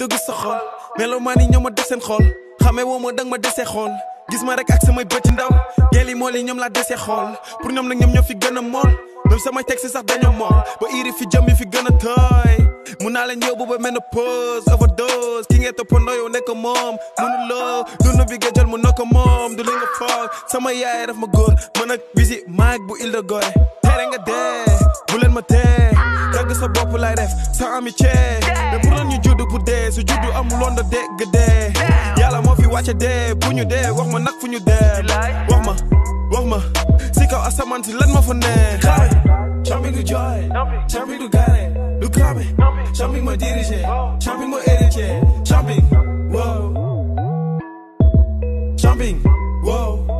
dëgg sa xol melomaan yi ñoo ma deseen xool xamee woo ma danga ma desee xool gis ma rek ak samay bëti ndaw gel yi mool yi ñoom laa desee xool pour ñoom nag ñoom ñoo fi gën a mool même samay texte sax dañoo mool ba iri fi jëm yi fi gën a tooy mun naa leen yóbbu ba ménopause overdose ki ngeen toppandoo yow nekk moom mënuloo dund bi nga jël mu nokk moom du li nga foog sama yaay daf ma góor man ak bisi maag bu il de gore tere nga dee bu leen ma tee tagg sa bopp lay def sa amitié mais pour su juddu amuloon da dégg dee yàlla moo fi wàcce dee bu ñu dee wax ma nag fu ñu dee wax ma wax ma si kaw asamaan si lan ma fa ne xaare champion du jooy champion du gaare du kaabe champion ma dirigé champion ma héritier champion wow champion wow